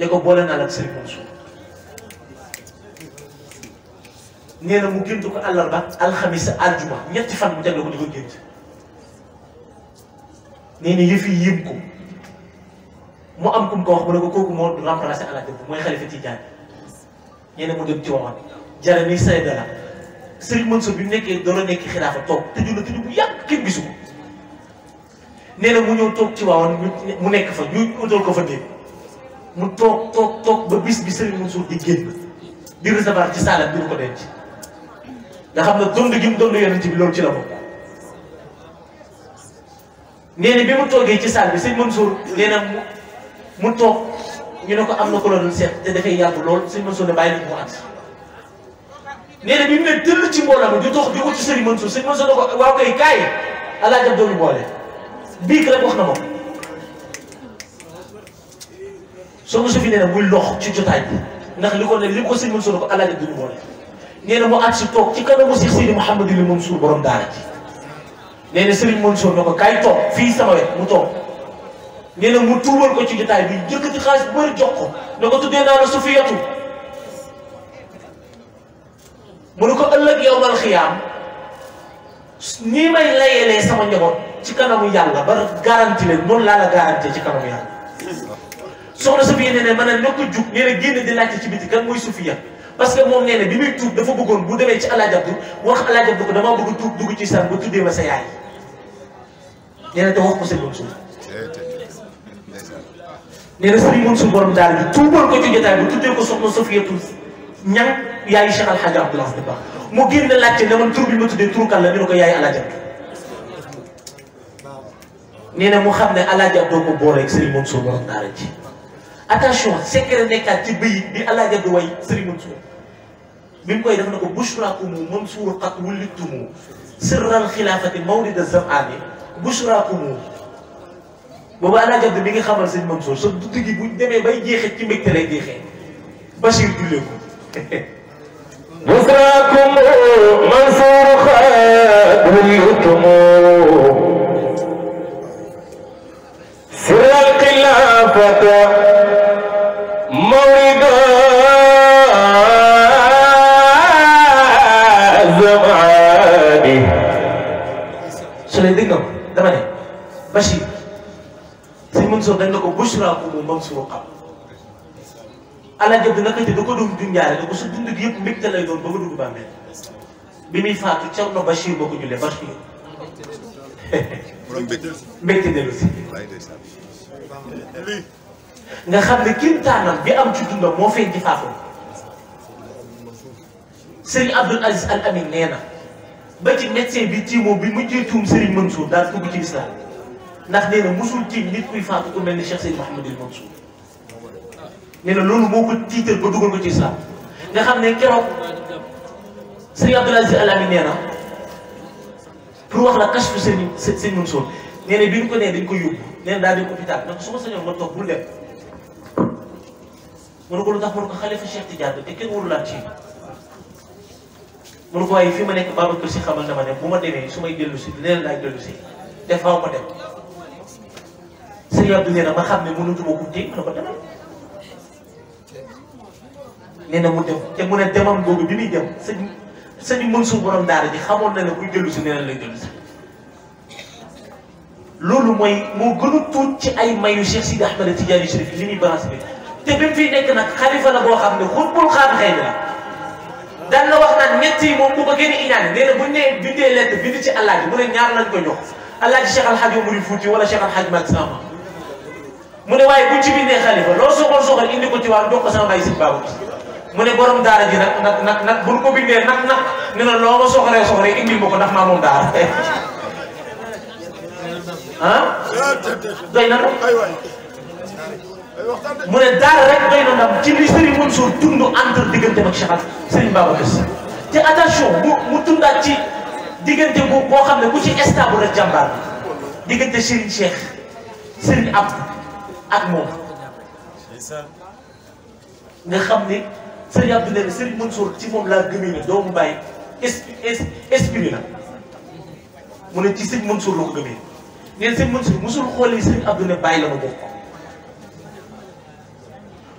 ne ko boole naa la ak Serigne Mansour nee na mu gént ko àllarba alxamis aljuma ñetti fan mu jagle ko di ko gént nee na yëf yi yëm ko mu am kum ko wax mu la ko kooku moo du remplacé Alaaji Abdu mooy xalifa Tijaan nee na mu dem ci waxoon jara ni Seydala Serigne Mansour bi mu nekkee doon na nekk xilaafa toog tëju na tëju bu yàgg kenn gisu nee na mu ñëw toog ci waawoon mu nekk fa ñu utal ko fa dégg mu toog toog toog ba bis bi Serigne Mansour di génn di ko denc nga xam ne dund gi mu dund bi loolu ci la bokk nee na bi mu toogee ci saal bi sëñ Mansour nee na mu toog ñu ne ko am na ko la doon te dafay yàgg lool sëñ Mansour ne bàyyi nañ mu àgg nee na bi mu ne tëll ci mbooloo ma di toog di ko ci sëñ Mansour sëñ Mansour ne ko waaw kay kaay alaajab doonu boole. biig rek wax na moom soxna su fi nee na muy lox ci jotaay bi ndax li ko ne li ko sëñ Mansour ko alaaji duñu boole nee na mu àgg si toog ci kanamu Cheikh Seydi Mouhamadou Mansour borom daara ji nee na fii sama wet mu toog nee na mu tuubal ko ci jotaay bi yëkkati xaalis bu bëri jox ko na ko tuddee naa la Sufiyatu mu ne ko ëllëg yowmal xiyaam nii may layelee sama njaboot. ci kanamu yàlla ba garanti leen noonu laa la garanti ci kanamu yàlla soxna Safiya nee na ma ne na ko jug nee na génn di laajte ci biti kan mooy Safiya parce que moom nee na bi muy tuub dafa bëggoon bu demee ci Alaaji Abdu wax Alaaji Abdu ko damaa bëgg tuub dugg ci islam ba tuddee ma sa yaay nee na te wax ko seen Mansuur nee na Sëriñ Mansuur borom daal bi tuubal ko ci jotaay mu génn laajte ne man tur bi ma tuddee tur la ñu ne ko yaayu Alaaji Abdu nee na mu xam ne alaaja doo ko boole ak Serigne Mansour borom daara ji attention secret nekkaat ci bëyit bi alaaja di way Serigne Mansour bi mu koy def na ko bushraakumu Mansour qad wulitumu sirral xilaafati mawlida zamani bushraakumu boobu alaaja di mi ngi xamal Serigne Mansour sa dund gi bu demee bay jeexee ci mbégte lay jeexee Bachir jullee ko bushraakumu Mansour qad wulitumu alaaja bi naka ca da ko doon dundaale da ko sa dund gi yëpp mbégte lay doon ba mu dugg bàmmeel bi muy faatu Cerno Bachir boo ko jullee Bachir mbégte dellu nga xam ne kéemtaanam bi am ci dundam moo feeñ ci faafam Serigne Abdoul Aziz Al Amin nee ba ci médecin bi tiimoo bi mujjee tuum Serigne Mansour daal dugg ci lislaam ndax nee na musul tiim nit kuy faatu ku mel ni Cheikh ko ci lislaam nga xam ne keroog Serigne Abdoul Aziz Al Amin nee na pour wax la kashfu Serigne Serigne Mansour bi ñu ko nee dañ ko yóbbu nee na daal di hôpital ndax su ma sañoon ma toog bul dem. mënu ko lu tax mënu ko xalifa Cheikh Tidiane te kenn wóorulaat ci mënu ko waaye fi ma nekk Babacar Si xamal na ma ne bu ma demee su may dellu si leneen laay dellu si te faaw xam na mu dem mu ne demam boobu bi muy dem sëñ sëñ Mansour borom xamoon na ne buy si leneen lay loolu mooy moo gën tuut ci ay mayu Cheikh Sidi Ahmed Tidiane Chérif li muy balance bi te bi mu fiy nekk nag xalifa la boo xam ne xutbul xaam xëy na daan la wax naan ñett yi moom bu ko gën a iñaane nee na buñ nee bindee lettre bind ci alaaji mu ne ñaar lañ ko jox alaaji Cheikh Alhaji Oumar Fouti wala Cheikh Alhaji Mak Sama mu ne waaye buñ ci bindee xalifa loo soxal soxal indi ko ci wàllu jox ko sama bay si baabu mu ne daara ji nag nag nag nag buñ ko bindee nag nag nee na loo ma soxalee soxalee indil ma ko ndax daara ah? doy na la mu ne daara rek doy na ndam ci li Serigne Mansour dund entre diggante ak Cheikh Serigne Babacar Sy te attention mu mu tundaat ci diggante boobu boo xam ne ku ci stable rek jàmbaar bi diggante Serigne Cheikh Serigne Abdou ak moom nga xam ne Serigne Abdou nee na Serigne Mansour ci moom laa gëmee ne doomu bàyyi esprit la mu ne ci Serigne Mansour la ko gëmee neen Serigne Mansour mosul xoolee Serigne Abdou ne bàyyi la ma bokk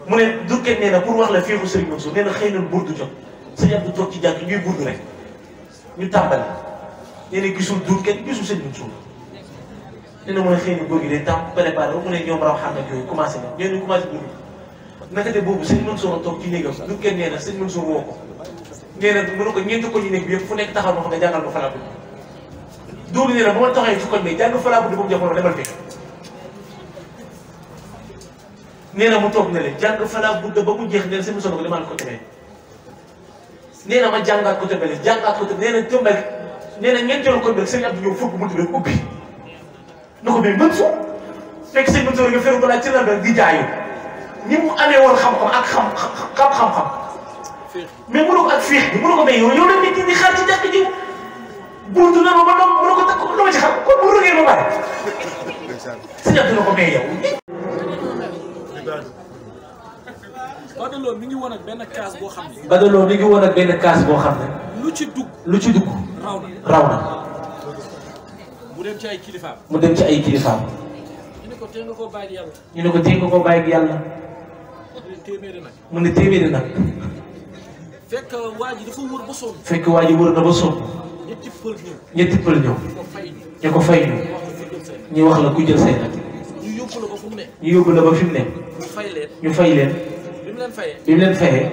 mu ne Durkheim nee na pour wax la fiixu Serigne Mansour nee na xëy na burdu jot Serigne Abdou toog ci jàkk ñuy burdu rek ñu tàmbali nee na gisul Durkheim gisul Serigne Mansour nee na mu ne xëy na góor gi day tàmm préparé na ñoo ñu commencé burdu naka de boobu Serigne Mansour a toog ci néegam Durkheim nee woo ko nee na mënu ko ñeenti ko ñu nekk bi fu nekk taxaw na xam ne jàngal ma falaabu dóor nee na ba ma taxawee ci koñ bi jàng falaabu di boobu jamono demal fekk nee na mu toog ne le jàng falaa budda ba mu jeex ne si mu sono ko demal côté bee nee na ma jàngaat côté bee jàngaat côté nee nee na ñeenteelu côté bee sëñ bi ubbi na ko mais mën soo fekk sëñ Mansour nga feru balaa ci lan la di ni mu amee woon xam ak ko ak fiix bi mënu ko mais yow yow la nit ñi di xaar ci na ma ba doom mënu ko takk ko dama xam kon bu rëggee ma bare sëñ Abdou na ko mais yow Badaloo mi ngi woon ak benn kaas boo xam ne. Badaloo mi ngi woon ak benn kaas boo xam ne. lu ci dugg lu ci dugg. raw na raw mu dem ci ay kilifaam. mu dem ci ñu ne ko tee koo bàyyi yàlla. ñu ne ko tee nga koo bàyyi yàlla. mu ne téeméeri nag. fekk waa wër na ba sonn. ñetti pël ñëw. ñu ko fay ñu. ñu wax la ku jël say ñu yóbbu la ba fu ne. ñu fay leen. bi mu leen fayee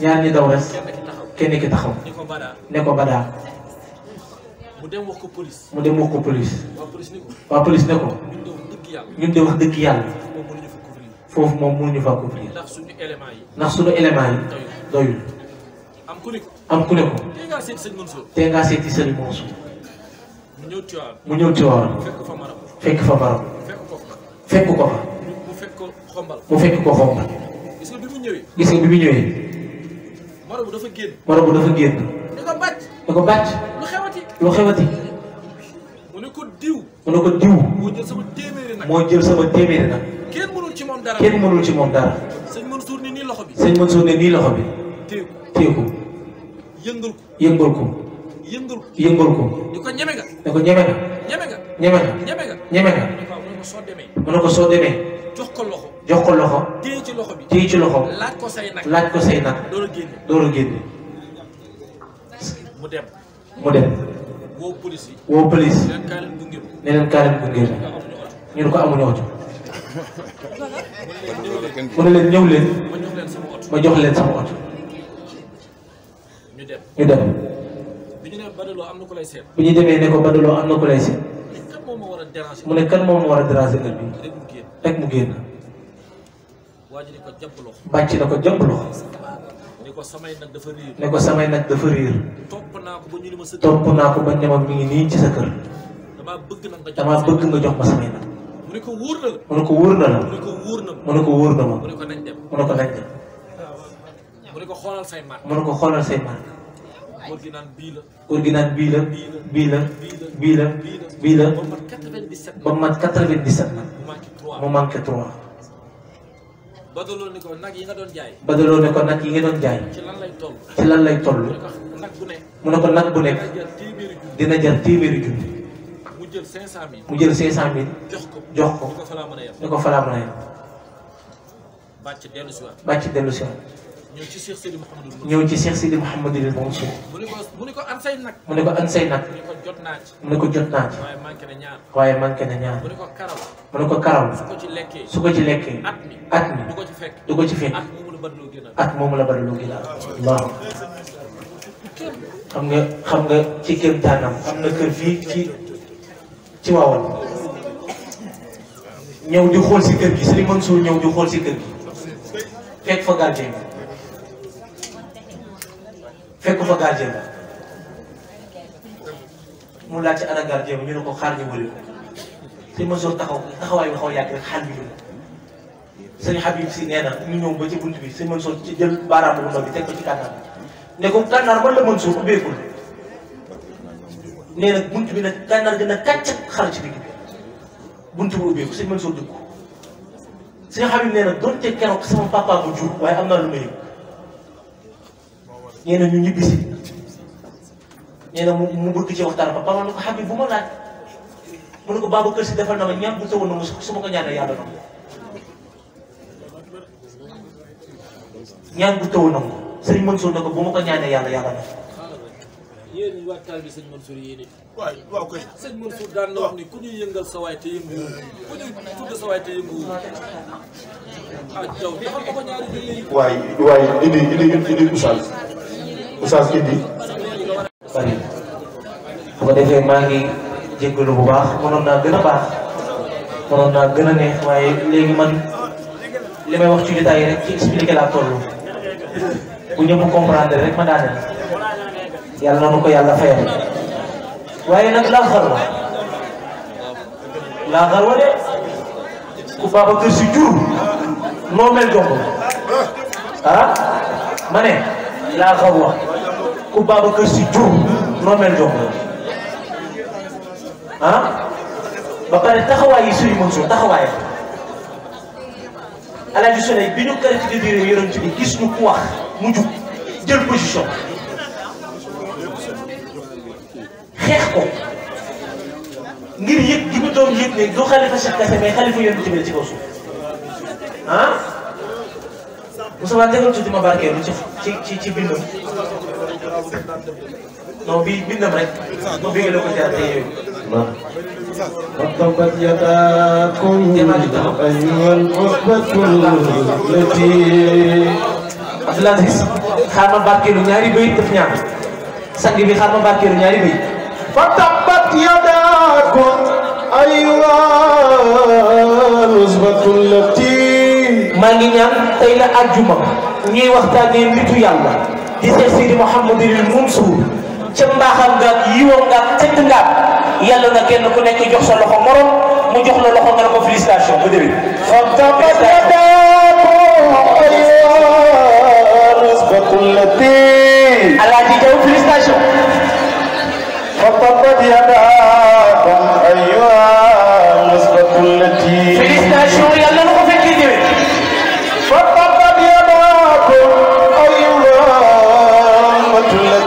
ñaar ñi daw kenn ki taxaw ne ko badaa mu dem wax ko police mu dem wax ko police waa police ne ñun de wax dëgg yàlla foofu moom mënuñu faa couvrir ndax suñu élément yi doyul am ku ne ko tey ngaa seeti sëriñ Mansour mu ñëw Tiwaawan fekk fa maram fekk ko fa mu fekk ko xombal gis nga bi mu ñëwee. morobu dafa génn. morobu dafa génn. da ko bàcc. da ko xewati. lu xewati. mu ne ko diw. mu ne ko diw. moo jël sama téeméeri nag. ci moom dara. kenn ci moom dara. sëñ Mansour ne nii loxo bi. sëñ Mansour ne nii loxo bi. téeku téeku. ko yëngal ko. yëngal ko ñeme nga. ñeme nga. ñeme nga. ñeme nga. mu ne ko soo demee. mu ne ko loxo. jox ko loxo. téye ci loxo ci loxo. laaj ko say nag laaj ko say nag. door a génne door a mu dem. mu police yi. woo police yi. ne leen kaaleen gunge ñu ne ko amuñu oto. mu ne leen ñëw leen. ma jox leen sama oto. ñu dem ñu dem. bi ñu demee ne ko Badaloo am na ku lay seet. mu ne kan moom moo war a déranger kër bi. rek mu génn. bàcc na ko jàpp ne ko samay nag dafa riir topp naa ko ba ñu ne ma ko ba ñu ne ma mi ngi nii ci sa kër damaa bëgg nga jox ma samay nag mu ne ko wóor na la mu ne ko wóor na la mu ne ko wóor na ma mu ne ko nañ dem mu ne ko nañ dem mu ne ko xoolal say marque mu ne ko xoolal say marque góor gi naan bii la gi naan bii la bii la bii la bii la ba mat 97 ba mat 97 mu manqué 3 badaloo ne ko nag yi nga doon jaay. badaloo ne ko nag yi nga doon jaay. ci lan lay toll. ci lan lay toll. mu ne ko nag bu nekk. dina jar téeméeri junni. mu jël 500000. mu jël 500000. jox ko jox ko. ni ko falaa mën a yem. bàcc dellu si waat. bàcc dellu si ñëw ci Cheikh Sidi Mouhamadul Mansour ñëw ci Cheikh Sidi Mouhamadul Mansour mu ne ko mu ne ko an say nag mu ne ko an say jot naa ci mu ne ko waaye manqué na ñaar waaye manqué na ñaar mu ne ko karaw mu ne su ko ci lekkee su ko ci lekkee at mi at mi du ko ci fekk du ko ci fekk at moomu la bëriloo gënal at moomu la bëriloo gënal waaw xam nga xam nga ci kër taanam am na kër fii ci ci waawal ñëw di xool si kër gi Sëriñ Mansour ñëw di xool si kër gi fekk fa gardien fekk fa gardien mu laaj ci ana gardien bi ñu ko xaar ñu wëri ko te Mansour taxaw taxawaay bi xaw a yàgg rek xaar si nee na ñu ñëw ba ci bunt bi sëñ Mansour ci jël baaraamu bu ndaw bi teg ko ci kànnaar bi ne kànnaar man la Mansour ubbeekul nee na bunt bi nag kànnaar gën a kàcc xar ci bi bunt bi ubbeeku sëñ Mansour dugg sëñ Habib nee na doon te keroog sama papa jur waaye am naa lu ma nee ñu ñibbisi nee na mu mu bëgg ci waxtaan ba Pawla ko bu ma laaj mu ne ko Babacar Si defal na ma ñaan bu tawoon na su ma ko ñaanee yàlla na ma ñaan bu tawoon na ma sëñ Mansour na ko bu yàlla yàlla na yéen bi sëñ Mansour yéen it waay waaw kay sëñ Mansour daan na wax ni ku ñuy yëngal Oustaz Sidi bari bu defee maa ngi jéggalu bu baax mënoon naa gën a baax mënoon naa gën a neex waaye léegi man li may wax ci détail rek ci expliquer laa toll bu ñëpp comprendre rek ma daaneel yàlla na nu ko yàlla fayal waaye nag laa xarwa laa xarwa de ku Babacar Sy jur noo mel jomb ah ma ne laa ku Babacar Si jur noo mel jox la ah ba pare taxawaay yi Serigne Mansour taxawaayam Alaaji Souley bi ñu caricaturé yonent bi gis ñu ku wax mu jug jël position xeex ko ngir yëg gi mu doon yëg ne du xalifa Cheikh Kassé mais xalifa yonent bi ci kaw suuf ah Moussa Ba tegal tuuti ma barkee lu ci ci ci bindam non bii bind na rek moom bii la ko jaayee فقد يداكم أيها الغربة التي Abdou Aziz xaar ma barkeelu ñaari béy def ñaar sang ma barkeelu ñaari tey la àjjuma ñuy waxtaanee nitu yàlla di seet Sidi Mouhamadul Mansour ca mbaaxam nga yiwam nga tëdd nga yàlla na kenn ku nekk jox sa loxo morom mu jox la loxo nga ne ko félicitation bu déwén. alaaji jaw félicitation. félicitation. la